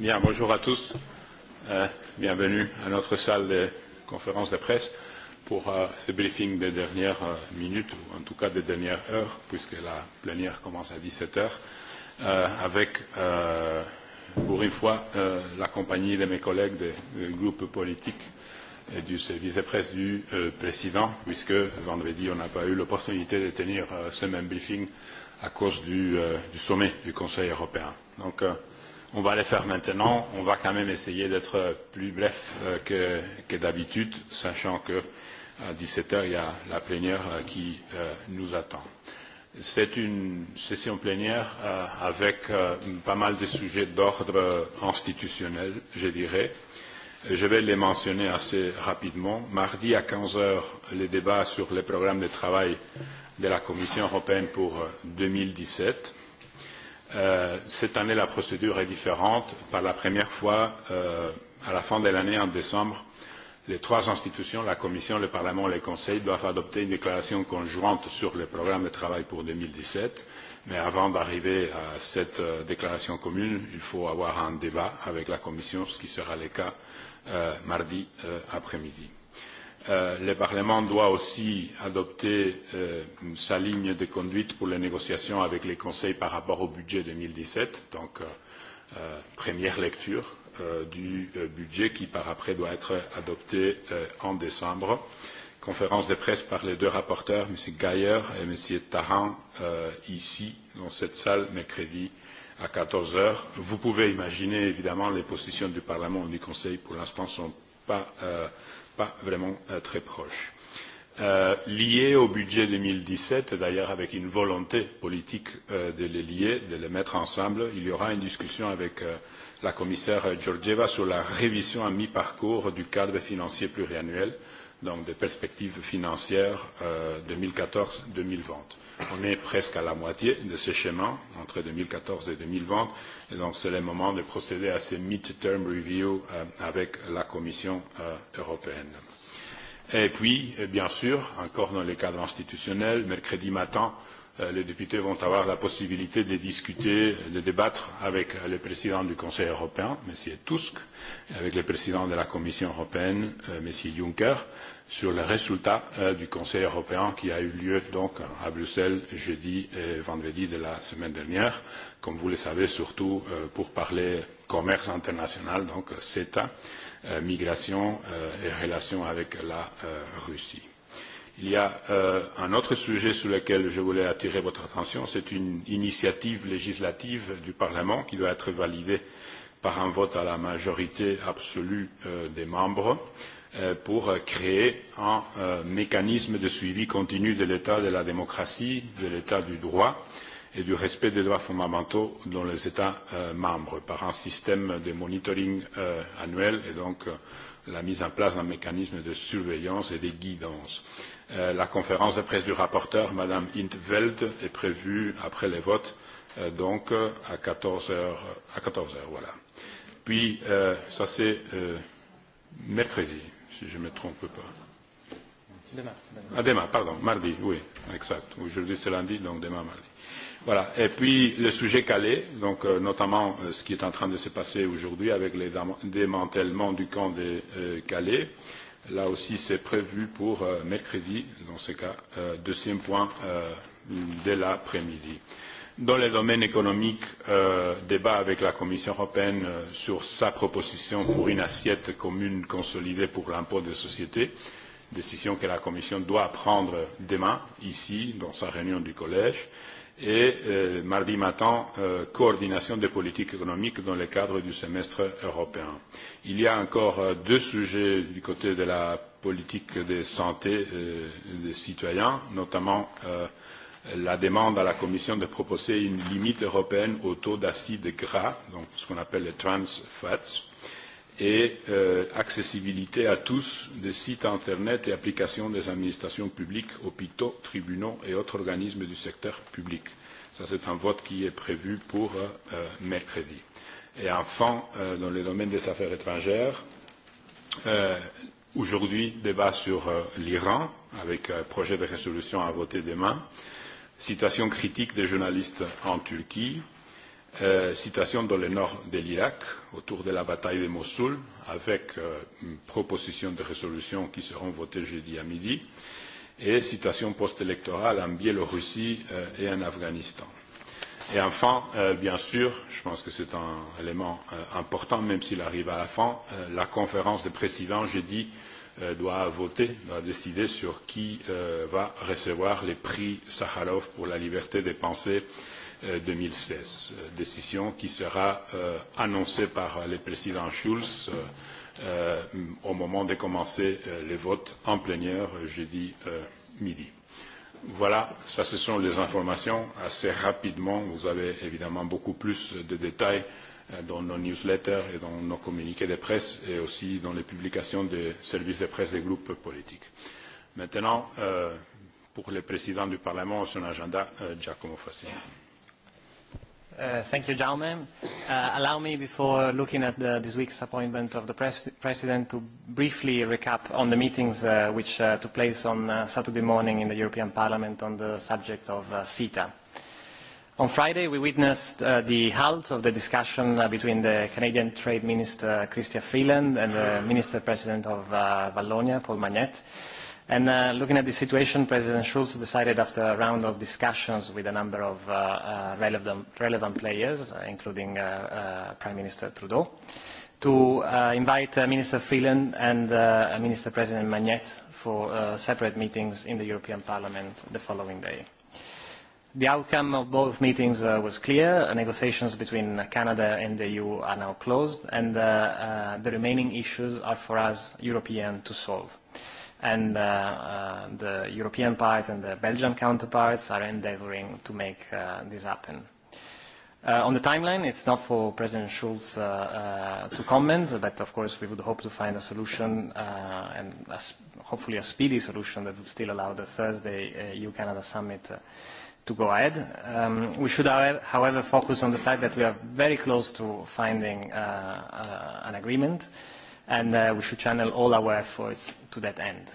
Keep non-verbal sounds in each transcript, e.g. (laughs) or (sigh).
Bien, bonjour à tous. Euh, bienvenue à notre salle de conférence de presse pour euh, ce briefing des dernières euh, minutes, ou en tout cas des dernières heures, puisque la plénière commence à 17 heures, euh, avec, euh, pour une fois, euh, la compagnie de mes collègues du groupe politique et du service de presse du euh, président, puisque vendredi, on n'a pas eu l'opportunité de tenir euh, ce même briefing à cause du, euh, du sommet du Conseil européen. Donc, euh, on va les faire maintenant. On va quand même essayer d'être plus bref euh, que, que d'habitude, sachant que à 17 heures, il y a la plénière euh, qui euh, nous attend. C'est une session plénière avec pas mal de sujets d'ordre institutionnel, je dirais. Je vais les mentionner assez rapidement. Mardi à 15 heures, les débats sur les programmes de travail de la Commission européenne pour 2017. Euh, cette année, la procédure est différente. Par la première fois, euh, à la fin de l'année, en décembre, les trois institutions, la Commission, le Parlement et le Conseil, doivent adopter une déclaration conjointe sur le programme de travail pour 2017. Mais avant d'arriver à cette euh, déclaration commune, il faut avoir un débat avec la Commission, ce qui sera le cas euh, mardi euh, après-midi. Euh, le parlement doit aussi adopter euh, sa ligne de conduite pour les négociations avec le conseil par rapport au budget deux mille dix sept donc euh, première lecture du budget qui par après doit être adopté en décembre. Conférence de presse par les deux rapporteurs, M. Gaillard et M. Tarin, euh, ici, dans cette salle, mercredi à 14h. Vous pouvez imaginer, évidemment, les positions du Parlement et du Conseil, pour l'instant, sont pas, euh, pas vraiment euh, très proche. Euh, lié au budget 2017, d'ailleurs avec une volonté politique euh, de les lier, de les mettre ensemble, il y aura une discussion avec euh, la commissaire Georgieva sur la révision à mi-parcours du cadre financier pluriannuel euh, donc des perspectives financières euh, 2014-2020. On est presque à la moitié de ce chemin entre 2014 et 2020, et donc c'est le moment de procéder à ces mid-term reviews euh, avec la Commission euh, européenne. Et puis, et euh, bien sûr, encore dans les cadres institutionnels, mercredi matin, Euh, les députés vont avoir la possibilité de discuter, de débattre avec le président du Conseil européen, M. Tusk, et avec le président de la Commission européenne, euh, M. Juncker, sur les résultats euh, du Conseil européen qui a eu lieu donc à Bruxelles jeudi et vendredi de la semaine dernière, comme vous le savez, surtout pour parler commerce international, donc CETA, migration et relations avec la Russie il y a euh, un autre sujet sur lequel je voulais attirer votre attention c'est une initiative législative du parlement qui doit être validée par un vote à la majorité absolue euh, des membres euh, pour créer un euh, mécanisme de suivi continu de l'état de la démocratie de l'état du droit et du respect des droits fondamentaux dans les états euh, membres par un système de monitoring euh, annuel et donc euh, la mise en place d'un mécanisme de surveillance et de guidance. Euh, la conférence de presse du rapporteur, Madame Intveld, est prévue après les votes, euh, donc à 14h, à 14h, voilà. Puis, euh, ça c'est euh, mercredi, si je ne me trompe pas. Demain. demain. Ah, demain, pardon, mardi, oui, exact. Aujourd'hui c'est lundi, donc demain, mardi. Voilà. Et puis le sujet calé, donc euh, notamment euh, ce qui est en train de se passer aujourd'hui avec les démantèlements du camp de euh, Calais, Là aussi, c'est prévu pour euh, mercredi, dans ce cas, euh, deuxième point euh, de l'après-midi. Dans le domaine économique, euh, débat avec la Commission européenne euh, sur sa proposition pour une assiette commune consolidée pour l'impôt des sociétés, décision que la Commission doit prendre demain, ici, dans sa réunion du Collège et euh, mardi matin euh, coordination des politiques économiques dans le cadre du semestre européen. il y a encore euh, deux sujets du côté de la politique de santé des citoyens notamment la demande à la commission de proposer une limite européenne au taux d'acides gras donc ce qu'on appelle les trans fats et euh, accessibilité à tous des sites Internet et applications des administrations publiques, hôpitaux, tribunaux et autres organismes du secteur public. Ça, c'est un vote qui est prévu pour euh, euh, mercredi. Et enfin, euh, dans le domaine des affaires étrangères, euh, aujourd'hui, débat sur euh, l'Iran, avec euh, projet de résolution à voter demain, situation critique des journalistes en Turquie, euh, Euh, situation dans le nord de l'Irak, autour de la bataille de Mossoul, avec euh, une proposition de résolution qui seront votées jeudi à midi, et situation post-électorale en Biélorussie euh, et en Afghanistan. Et enfin, euh, bien sûr, je pense que c'est un élément euh, important, même s'il arrive à la fin, euh, la conférence des présidents jeudi euh, doit voter, doit décider sur qui euh, va recevoir les prix Sakharov pour la liberté de pensée Euh, deux mille seize euh, décision qui sera euh, annoncée par le président schulz au moment de commencer les votes en plénière jeudi midi. Voilà, ça ce sont les informations assez rapidement. Vous avez évidemment beaucoup plus de détails dans nos newsletters et dans nos communiqués de presse et aussi dans les publications des services de presse des groupes politiques. Maintenant, euh, pour le président du Parlement, son agenda, euh, Giacomo Fassini. Uh, thank you, Jaume. Uh, allow me, before looking at the, this week's appointment of the pres President, to briefly recap on the meetings uh, which uh, took place on uh, Saturday morning in the European Parliament on the subject of uh, CETA. On Friday, we witnessed uh, the halt of the discussion uh, between the Canadian Trade Minister, Christian Freeland, and the Minister-President of uh, Wallonia, Paul Magnette. And uh, looking at the situation, President Schulz decided after a round of discussions with a number of uh, uh, relevant, relevant players, uh, including uh, uh, Prime Minister Trudeau, to uh, invite uh, Minister Freeland and uh, Minister President Magnet for uh, separate meetings in the European Parliament the following day. The outcome of both meetings uh, was clear. Uh, negotiations between Canada and the EU are now closed, and uh, uh, the remaining issues are for us European to solve. Uh, and uh, uh, the European parts and the Belgian counterparts are endeavoring to make uh, this happen. Uh, on the timeline, it's not for President Schulz uh, uh, to comment, but of course we would hope to find a solution uh, and a hopefully a speedy solution that would still allow the Thursday uh, EU-Canada summit uh, to go ahead. Um, we should, however, focus on the fact that we are very close to finding uh, uh, an agreement. Uh, and uh, we should channel all our efforts to that end.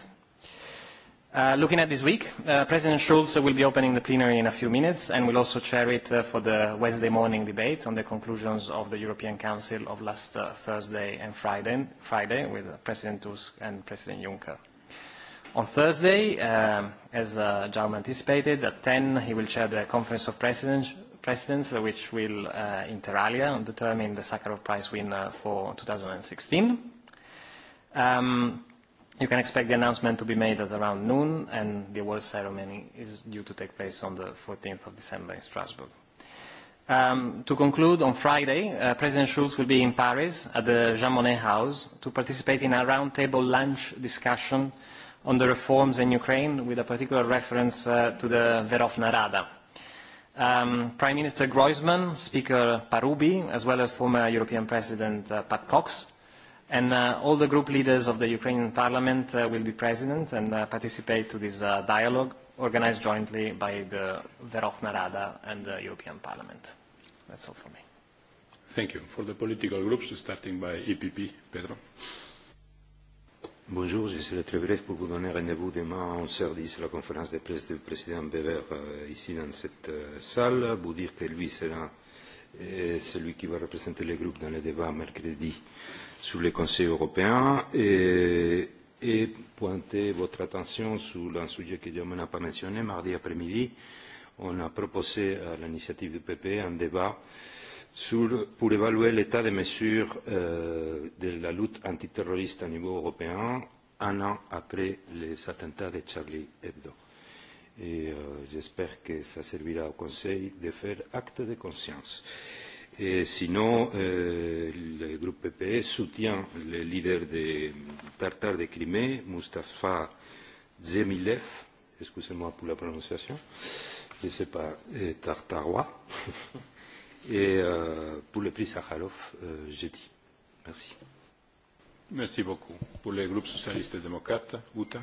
Uh, looking at this week, uh, President Schulz will be opening the plenary in a few minutes and will also chair it uh, for the Wednesday morning debate on the conclusions of the European Council of last uh, Thursday and Friday, Friday with President Tusk and President Juncker. On Thursday, uh, as uh, Jaume anticipated, at 10 he will chair the Conference of Presidents, presidents which will, uh, inter alia, determine the Sakharov Prize winner for 2016. Um, you can expect the announcement to be made at around noon, and the award ceremony is due to take place on the 14th of December in Strasbourg. Um, to conclude, on Friday, uh, President Schulz will be in Paris at the Jean Monnet House to participate in a roundtable lunch discussion on the reforms in Ukraine with a particular reference uh, to the Verovna Rada. Um, Prime Minister Groisman, Speaker Parubi, as well as former European President uh, Pat Cox, And uh, all the group leaders of the Ukrainian parliament uh, will be present and uh, participate to this uh, dialogue organized jointly by the Verokhna Rada and the European Parliament. That's all for me. Thank you. For the political groups, starting by EPP, Pedro. Bonjour, je serai très bref pour vous donner rendez-vous demain en service à la conférence de presse du président Bever euh, ici dans cette euh, salle. Vous dire que lui sera euh, celui qui va représenter le groupe dans le débat mercredi. Euh, sur le Conseil européen et, et pointer votre attention sur un sujet que Guillaume n'a pas mentionné. Mardi après-midi, on a proposé à l'initiative du PP un débat sur, pour évaluer l'état des mesures euh, de la lutte antiterroriste au niveau européen un an après les attentats de Charlie Hebdo. Et euh, j'espère que ça servira au Conseil de faire acte de conscience. Euh, Et sinon, euh, le groupe PPS e soutient le leader de Tartare de Crimée, Mustafa Zemilev, excusez-moi pour la prononciation, je ne sais pas, euh, Tartarois, (laughs) et euh, pour le prix Sakharov, euh, j'ai dit. Merci. Merci beaucoup. Pour le groupe socialiste et démocrate, Uta.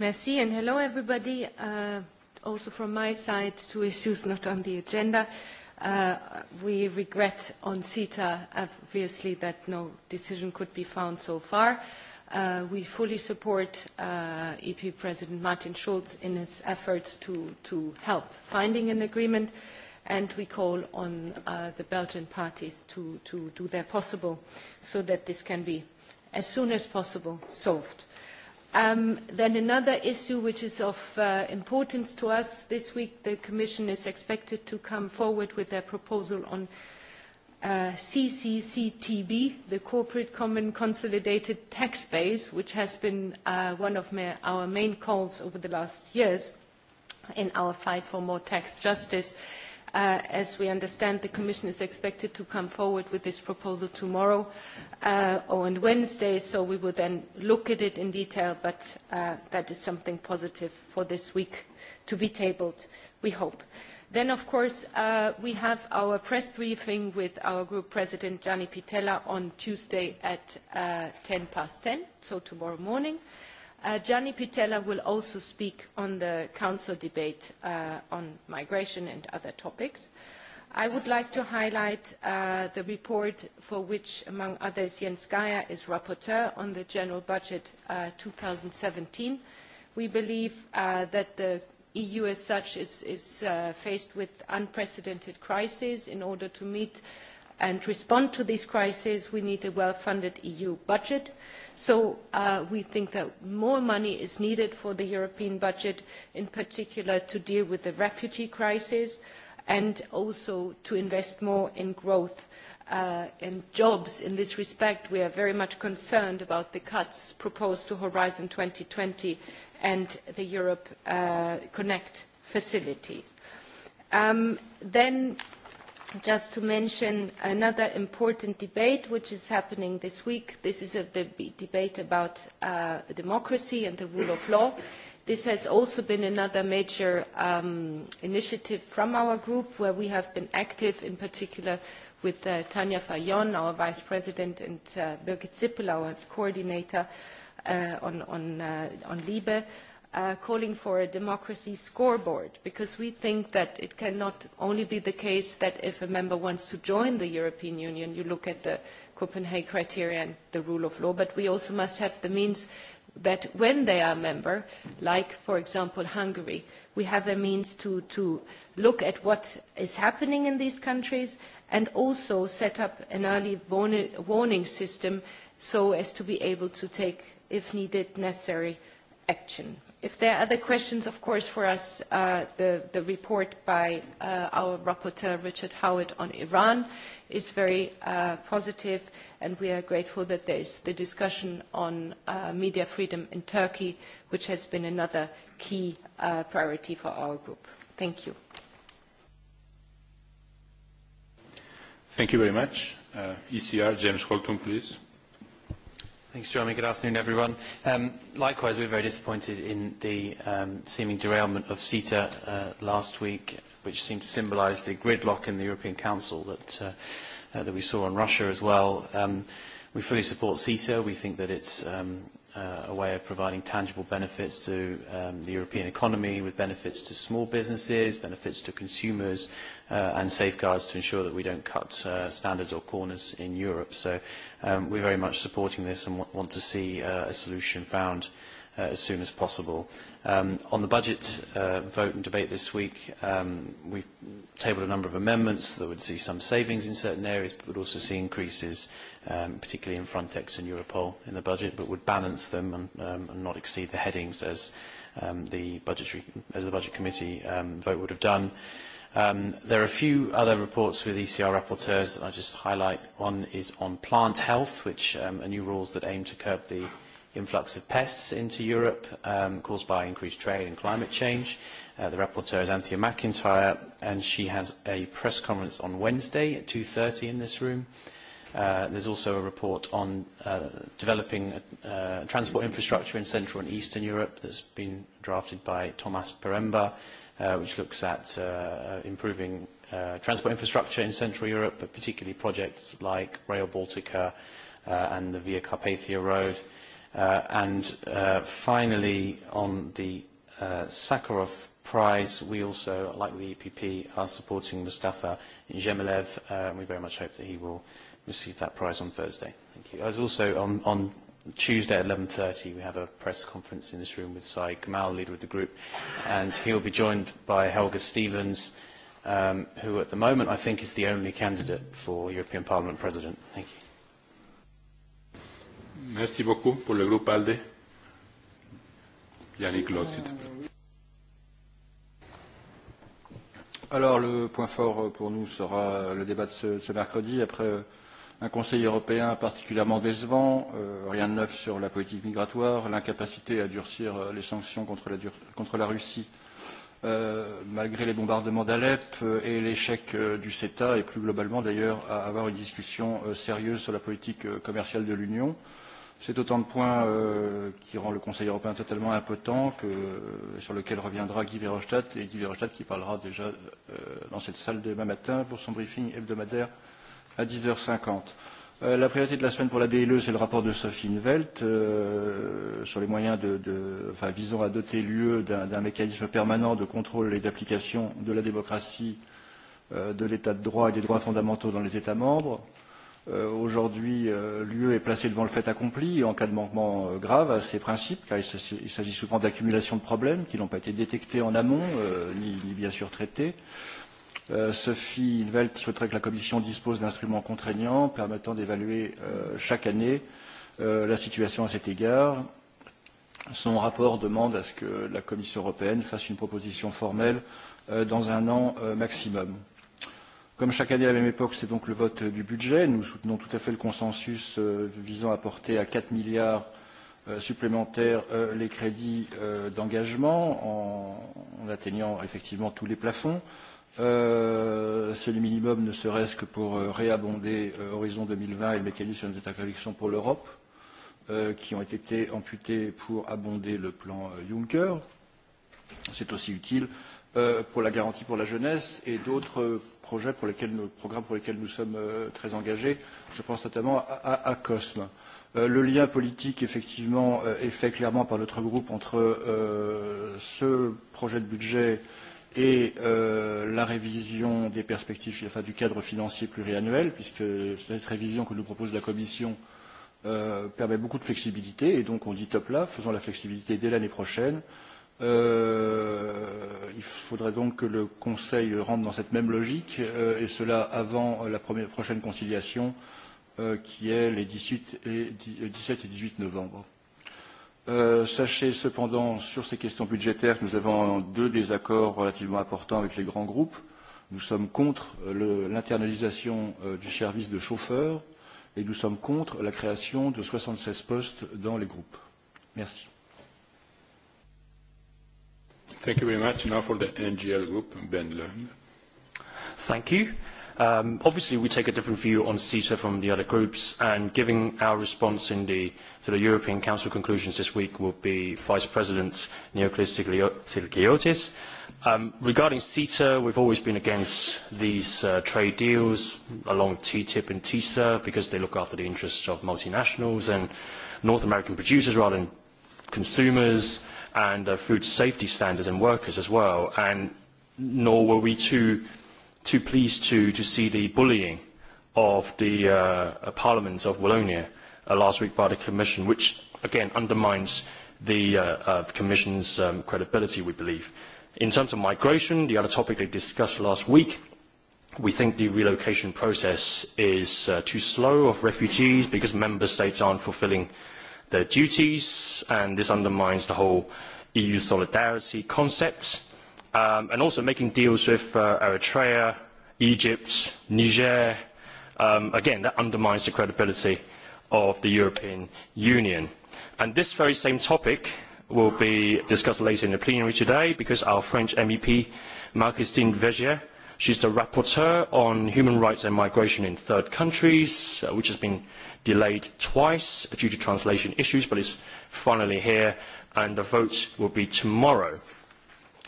Merci and hello everybody, uh, also from my side, two issues not on the agenda. Uh, we regret on CETA, obviously, that no decision could be found so far. Uh, we fully support uh, EP President Martin Schulz in his efforts to, to help finding an agreement, and we call on uh, the Belgian parties to, to do their possible so that this can be, as soon as possible, solved. Uh, Um, then another issue which is of uh, importance to us this week, the Commission is expected to come forward with their proposal on uh, CCCTB, the Corporate Common Consolidated Tax Base, which has been uh, one of my, our main calls over the last years in our fight for more tax justice. Uh, as we understand, the Commission is expected to come forward with this proposal tomorrow uh, or on Wednesday, so we will then look at it in detail, but uh, that is something positive for this week to be tabled, we hope. Then, of course, uh, we have our press briefing with our group president, Gianni Pitella, on Tuesday at uh, 10 past 10, so tomorrow morning. Uh, Gianni Pitella will also speak on the Council debate uh, on migration and other topics. I would like to highlight uh, the report for which, among others, Jens Geier is rapporteur on the General Budget uh, 2017. We believe uh, that the EU as such is, is uh, faced with unprecedented crises in order to meet uh, and respond to this crisis, we need a well-funded EU budget. So uh, we think that more money is needed for the European budget, in particular to deal with the refugee crisis and also to invest more in growth uh, and jobs. In this respect, we are very much concerned about the cuts proposed to Horizon 2020 and the Europe uh, Connect facility. Um, then just to mention another important debate which is happening this week. This is a deb debate about uh, democracy and the rule of law. This has also been another major um, initiative from our group where we have been active, in particular with uh, Tanya Fayon, our Vice President, and uh, Birgit Zippel, our coordinator uh, on, on, uh, on LIBE uh, calling for a democracy scoreboard because we think that it cannot only be the case that if a member wants to join the European Union, you look at the Copenhagen criteria and the rule of law, but we also must have the means that when they are a member, like for example Hungary, we have a means to, to look at what is happening in these countries and also set up an early warning system so as to be able to take, if needed, necessary action. If there are other questions, of course, for us, uh, the, the report by uh, our rapporteur, Richard Howard, on Iran is very uh, positive, and we are grateful that there is the discussion on uh, media freedom in Turkey, which has been another key uh, priority for our group. Thank you. Thank you very much. Uh, ECR, James Holton, please. Thanks, Jeremy. Good afternoon, everyone. Um, likewise, we're very disappointed in the um, seeming derailment of CETA uh, last week, which seemed to symbolize the gridlock in the European Council that, uh, uh, that we saw on Russia as well. Um, we fully support CETA. We think that it's um, uh, a way of providing tangible benefits to um, the European economy with benefits to small businesses, benefits to consumers, uh, and safeguards to ensure that we don't cut uh, standards or corners in Europe. So um, we're very much supporting this and w want to see uh, a solution found uh, as soon as possible. Um, on the budget uh, vote and debate this week, um, we've tabled a number of amendments that would see some savings in certain areas, but would also see increases, um, particularly in Frontex and Europol in the budget, but would balance them and, um, and not exceed the headings as um, the budgetary, as the budget committee um, vote would have done. Um, there are a few other reports with ECR rapporteurs that I just highlight. One is on plant health, which um, are new rules that aim to curb the influx of pests into Europe um, caused by increased trade and climate change. Uh, the rapporteur is Anthea McIntyre, and she has a press conference on Wednesday at 2.30 in this room. Uh, there's also a report on uh, developing a, uh, transport infrastructure in Central and Eastern Europe that's been drafted by Tomas Peremba, uh, which looks at uh, improving uh, transport infrastructure in Central Europe, but particularly projects like Rail Baltica uh, and the Via Carpathia Road. Uh, and uh, finally, on the uh, Sakharov Prize, we also, like the EPP, are supporting Mustafa Zhemilev. Uh, we very much hope that he will receive that prize on Thursday. Thank you. As also on, on Tuesday at 11.30, we have a press conference in this room with Sai Kamal, leader of the group, and he'll be joined by Helga Stevens, um, who at the moment I think is the only candidate for European Parliament President. Thank you. Merci beaucoup pour le groupe ALDE. Yannick Lot, s'il te plaît. Alors, le point fort euh, pour nous sera le débat de ce, de ce mercredi. Après euh, un Conseil européen particulièrement décevant, euh, rien de neuf sur la politique migratoire, l'incapacité à durcir euh, les sanctions contre la, dur, contre la Russie euh, malgré les bombardements d'Alep et l'échec du CETA et plus globalement d'ailleurs à avoir une discussion sérieuse sur la politique commerciale de l'Union. Euh, C'est autant de points euh, qui rend le Conseil européen totalement impotent que euh, sur lequel reviendra Guy Verhofstadt et Guy Verhofstadt qui parlera déjà euh, dans cette salle demain matin pour son briefing hebdomadaire à 10h50. Euh, la priorité de la semaine pour la DLE, c'est le rapport de Sophie Invelt euh, sur les moyens de, de, enfin, visant à doter l'UE d'un mécanisme permanent de contrôle et d'application de la démocratie, euh, de l'état de droit et des droits fondamentaux dans les États membres. Euh, euh, aujourd'hui euh, l'UE est placée devant le fait accompli en cas de manquement euh, grave à ces principes, car il s'agit souvent d'accumulation de problèmes qui n'ont pas été détectés en amont, euh, ni, ni bien sûr traités. Euh, Sophie Hinvelt souhaiterait que la Commission dispose d'instruments contraignants permettant d'évaluer euh, chaque année euh, la situation à cet égard. Son rapport demande à ce que la Commission européenne fasse une proposition formelle euh, dans un an euh, maximum. Euh, Comme chaque année à la même époque, c'est donc le vote du budget. Nous soutenons tout à fait le consensus euh, visant à porter à 4 milliards euh, supplémentaires euh, les crédits d'engagement en atteignant effectivement tous les plafonds. C'est le minimum, ne serait-ce que pour réabonder Horizon 2020 et le mécanisme d'interconnexion pour l'Europe, qui ont été amputés pour abonder le plan Juncker. C'est aussi utile Euh, pour la garantie pour la jeunesse et d'autres projets pour lesquels nous, programmes pour lesquels nous sommes euh, très engagés. Je pense notamment à, à, à COSME. Euh, le lien politique, effectivement, est fait clairement par notre groupe entre ce projet de budget et la révision des perspectives enfin, du cadre financier pluriannuel, puisque cette révision que nous propose la Commission permet beaucoup de flexibilité, et donc on dit top là, faisons la flexibilité dès l'année prochaine. Euh, faudrait donc que le Conseil rentre dans cette même logique, euh, et cela avant euh, la première, prochaine conciliation, euh, qui est les 18 et, 17 euh, et 18 novembre. Euh, sachez cependant, sur ces questions budgétaires, que nous avons deux désaccords relativement importants avec les grands groupes. Nous sommes contre euh, l'internalisation euh, du service de chauffeur et nous sommes contre la création de 76 postes dans les groupes. Merci. Thank you very much. Now for the NGL group, Ben Lund. Thank you. Um, obviously, we take a different view on CETA from the other groups, and giving our response in the to the European Council conclusions this week will be Vice President Neoclis Sigliotis. Um, regarding CETA, we've always been against these uh, trade deals along TTIP and TISA because they look after the interests of multinationals and North American producers rather than consumers and uh, food safety standards and workers as well. And nor were we too too pleased to to see the bullying of the uh, parliaments of Wallonia uh, last week by the commission, which again undermines the uh, uh, commission's um, credibility. We believe, in terms of migration, the other topic they discussed last week. We think the relocation process is uh, too slow of refugees because member states aren't fulfilling uh, their duties, and this undermines the whole EU solidarity concept. Um, and also making deals with uh, Eritrea, Egypt, Niger, um, again, that undermines the credibility of the European Union. And this very same topic will be discussed later in the plenary today because our French MEP, Marc-Christine Vergier, She's the rapporteur on human rights and migration in third countries, uh, which has been delayed twice due to translation issues, but it's finally here, and the vote will be tomorrow.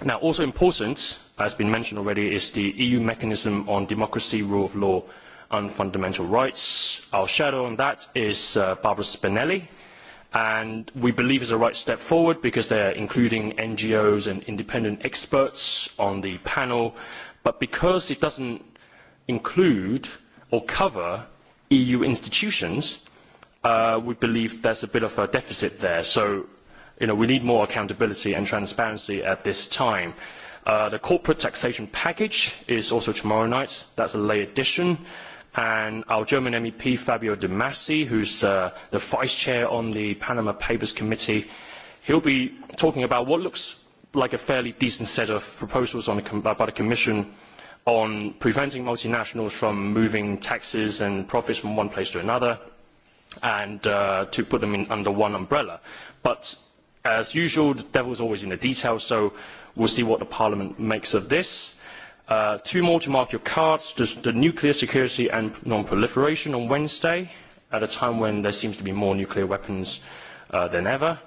Now, also important, as been mentioned already, is the EU mechanism on democracy, rule of law, and fundamental rights. Our shadow on that is uh, Barbara Spinelli, and we believe it's a right step forward because they're including NGOs and independent experts on the panel but because it doesn't include or cover EU institutions, uh, we believe there's a bit of a deficit there. So, you know, we need more accountability and transparency at this time. Uh, the corporate taxation package is also tomorrow night. That's a late addition. And our German MEP, Fabio De Massi, who's uh, the vice chair on the Panama Papers Committee, he'll be talking about what looks like a fairly decent set of proposals on a com by the Commission on preventing multinationals from moving taxes and profits from one place to another and uh, to put them in under one umbrella. But as usual, the devil's always in the details, so we'll see what the Parliament makes of this. Uh, two more to mark your cards, just the nuclear security and non-proliferation on Wednesday, at a time when there seems to be more nuclear weapons uh, Uh, than ever.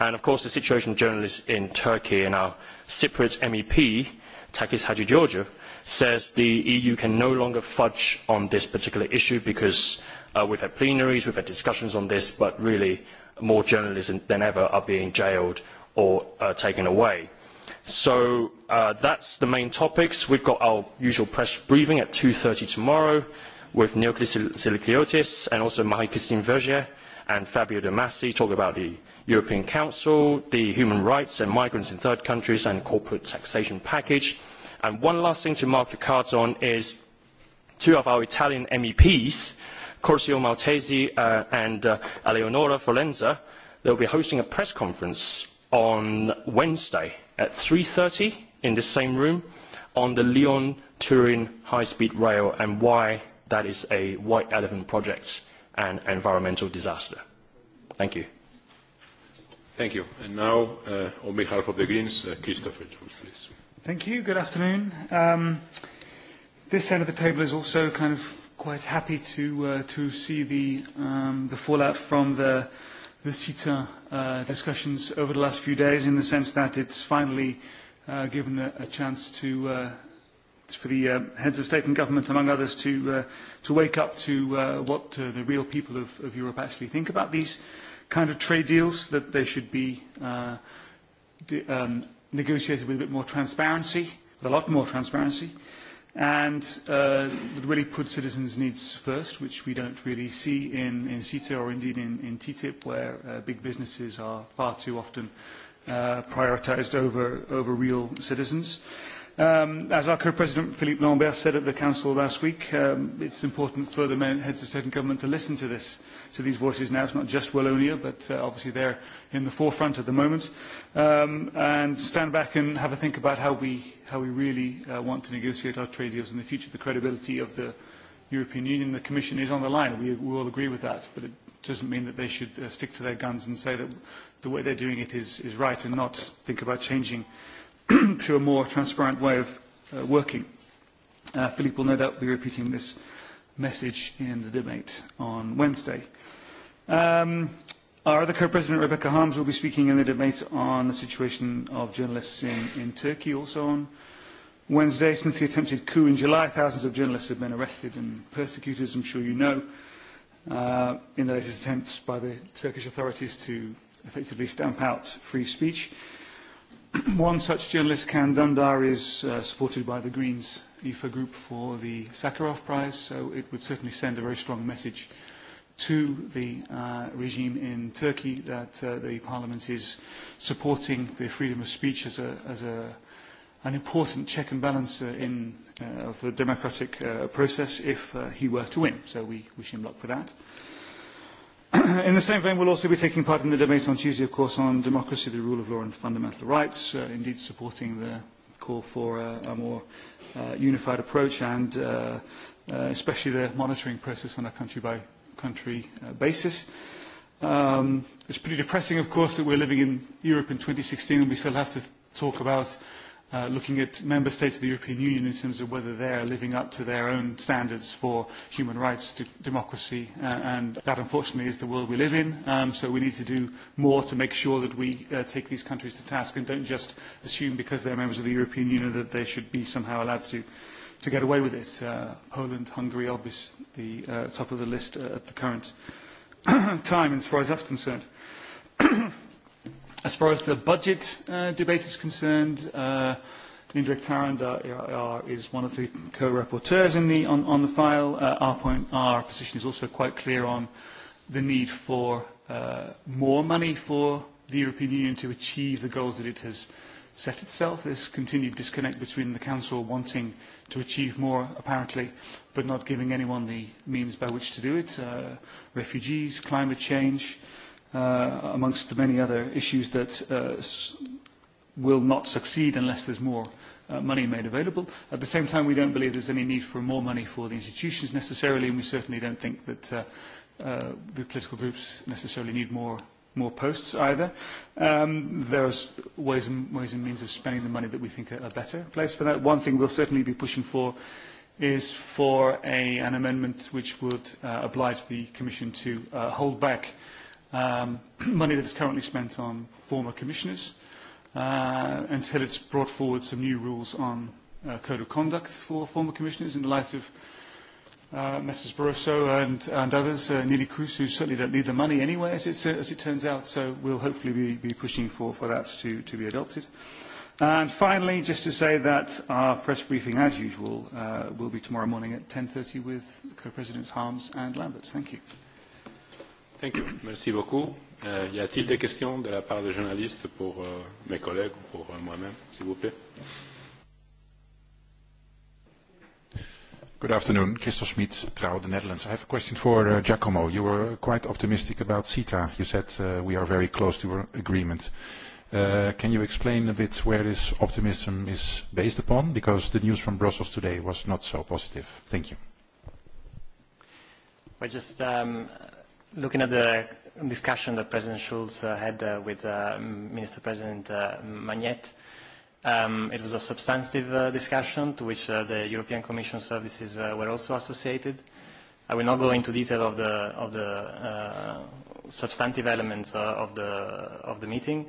Of course, the situation of journalists in Turkey and our Cypriot MEP, Takis Hadjigeorgiev, says the EU can no longer fudge on this particular issue because uh, we've had plenaries, we've had discussions on this, but really more journalists than ever are being jailed or uh, taken away. So uh, that's the main topics. We've got our usual press briefing at 2.30 tomorrow with Neoclis Silikliotis and also Marie-Christine Vergier and Fabio De Massi talk about the European Council, the human rights and migrants in third countries and corporate taxation package. And one last thing to mark your cards on is two of our Italian MEPs, Corsio Maltesi uh, and uh, Eleonora Forlenza, they'll be hosting a press conference on Wednesday at 3.30 in the same room on the Lyon-Turin high-speed rail and why that is a white elephant project an environmental disaster. Thank you. Thank you. And now, uh, on behalf of the Greens, uh, Christopher Jones, please. Thank you. Good afternoon. Um, this end of the table is also kind of quite happy to uh, to see the um, the fallout from the the CETA uh, discussions over the last few days, in the sense that it's finally uh, given a, a chance to. Uh, for the um, heads of state and government, among others, to, uh, to wake up to uh, what uh, the real people of, of Europe actually think about these kind of trade deals, that they should be uh, de um, negotiated with a bit more transparency, with a lot more transparency, and uh, that really put citizens' needs first, which we don't really see in, in CETA or indeed in, in TTIP, where uh, big businesses are far too often uh, prioritized over, over real citizens. Um, as our co-president Philippe Lambert said at the council last week, um, it's important for the men, heads of state and government to listen to this, to these voices now. It's not just Wallonia, but uh, obviously they're in the forefront at the moment, um, and stand back and have a think about how we how we really uh, want to negotiate our trade deals in the future. The credibility of the European Union, the Commission is on the line. We, we all agree with that, but it doesn't mean that they should uh, stick to their guns and say that the way they're doing it is is right, and not think about changing to (clears throat) a more transparent way of uh, working. Uh, Philippe will no doubt be repeating this message in the debate on Wednesday. Um, our other co-president, Rebecca Harms, will be speaking in the debate on the situation of journalists in, in Turkey, also on Wednesday. Since the attempted coup in July, thousands of journalists have been arrested and persecuted, as I'm sure you know, uh, in the latest attempts by the Turkish authorities to effectively stamp out free speech. Uh, (clears throat) One such journalist, Cam Dundar, is uh, supported by the Greens IFA e group for the Sakharov Prize, so it would certainly send a very strong message to the uh, regime in Turkey that uh, the parliament is supporting the freedom of speech as, a, as a, an important check and balance uh, in, uh, of the democratic uh, process if uh, he were to win. So we wish him luck for that. Uh, (clears throat) In the same vein, we'll also be taking part in the debate on Tuesday, of course, on democracy, the rule of law and fundamental rights, uh, indeed supporting the call for a, a more uh, unified approach and uh, uh, especially the monitoring process on a country-by-country -country, uh, basis. Um, it's pretty depressing, of course, that we're living in Europe in 2016 and we still have to talk about uh, uh, looking at member states of the European Union in terms of whether they are living up to their own standards for human rights, to democracy, uh, and that unfortunately is the world we live in. Um, so we need to do more to make sure that we uh, take these countries to task and don't just assume because they're members of the European Union that they should be somehow allowed to, to get away with it. Uh, Poland, Hungary, obviously the uh, top of the list uh, at the current (coughs) time as far as that's concerned. (coughs) As far as the budget uh, debate is concerned, uh, Indrek Tarand uh, is one of the co-rapporteurs on, on the file. Uh, our, point, our position is also quite clear on the need for uh, more money for the European Union to achieve the goals that it has set itself. This continued disconnect between the Council wanting to achieve more, apparently, but not giving anyone the means by which to do it. Uh, refugees, climate change, uh, uh, amongst the many other issues that uh, will not succeed unless there's more uh, money made available. At the same time, we don't believe there's any need for more money for the institutions necessarily, and we certainly don't think that uh, uh, the political groups necessarily need more more posts either. Um, there are ways and, ways and means of spending the money that we think are a better place for that. One thing we'll certainly be pushing for is for a, an amendment which would uh, oblige the Commission to uh, hold back uh, um, (clears throat) money that's currently spent on former commissioners uh, until it's brought forward some new rules on uh, code of conduct for former commissioners in the light of uh, Messrs. Barroso and, and others, uh, Nili Cruz, who certainly don't need the money anyway, as it, uh, as it turns out, so we'll hopefully be, be pushing for, for that to, to be adopted. And finally, just to say that our press briefing, as usual, uh, will be tomorrow morning at 10.30 with Co-Presidents Harms and Lambert. Thank you. Euh, y a t il des questions de la part des journalistes pour euh, mes collègues ou pour euh, moi même s'il vous plaît? Good afternoon, Christophe Schmid, Trouw, the Netherlands. I have a question for uh, Giacomo. You were quite optimistic about CETA. You said uh, we are very close to our agreement. Uh, can you explain a bit where this optimism is based upon? Because the news from Brussels today was not so positive. Thank you. Well, just um, looking at the discussion that President Schulz uh, had uh, with uh, Minister President uh, Magnet, um, it was a substantive uh, discussion to which uh, the European Commission services uh, were also associated. I will not go into detail of the, of the uh, substantive elements uh, of, the, of the meeting,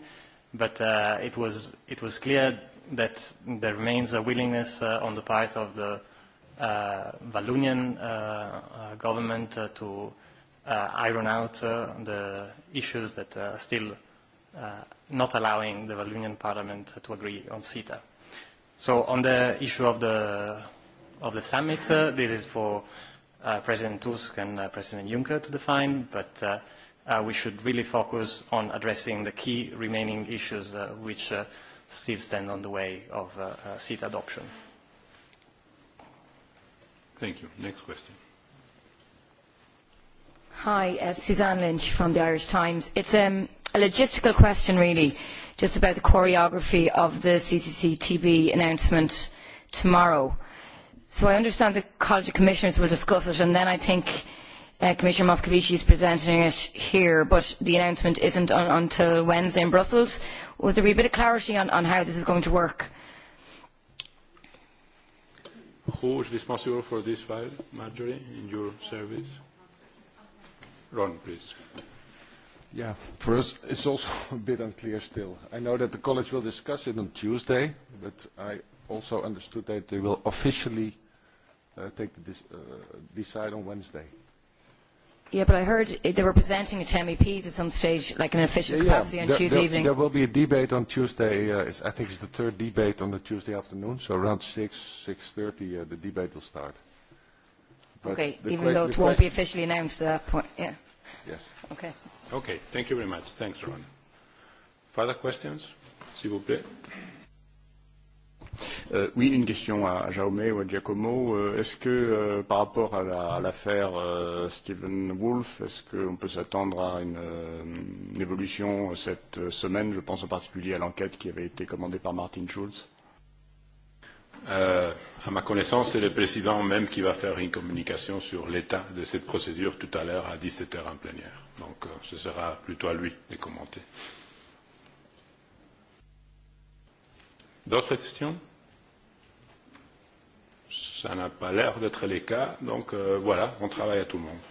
but uh, it, was, it was clear that there remains a willingness uh, on the part of the uh, Valunian uh, uh, government uh, to uh, uh, iron out uh, the issues that are still uh, not allowing the Valunian Parliament to agree on CETA. So on the issue of the, of the summit, uh, this is for uh, President Tusk and uh, President Juncker to define, but uh, uh, we should really focus on addressing the key remaining issues uh, which uh, still stand on the way of uh, uh, CETA adoption. Thank you. Next question. Hi, uh, Suzanne Lynch from the Irish Times. It's um, a logistical question, really, just about the choreography of the CCCTB announcement tomorrow. So I understand the College of Commissioners will discuss it, and then I think uh, Commissioner Moscovici is presenting it here, but the announcement isn't on, until Wednesday in Brussels. Would there be a bit of clarity on, on how this is going to work? Who is responsible for this file, Marjorie, in your service? Ron, please. Yeah. For us, it's also (laughs) a bit unclear still. I know that the college will discuss it on Tuesday, but I also understood that they will officially uh, uh, decide on Wednesday. Yeah, but I heard they were presenting it to MEPs at some stage, like in an official capacity on Tuesday evening. There will be a debate on Tuesday. Uh, I think it's the third debate on the Tuesday afternoon, so around 6:00, 6:30, the debate will start. Okay, even though it won't be officially announced at uh, that point, yeah. Yes. Okay. Okay, thank you very much. Thanks, Ron. Further questions? S'il vous plaît. Euh, oui, une question à Jaume ou à Giacomo. Euh, est-ce que euh, par rapport à, la, à l'affaire euh, Stephen Wolf, est-ce qu'on peut s'attendre à une, euh, une évolution cette semaine Je pense en particulier à l'enquête qui avait été commandée par Martin Schulz. Euh, euh, à ma connaissance, c'est le président même qui va faire une communication sur l'état de cette procédure tout à l'heure à 17h en plénière. Donc euh, ce sera plutôt à lui de commenter. D'autres questions Ça n'a pas l'air d'être les cas. Donc euh, voilà, on travaille à tout le monde.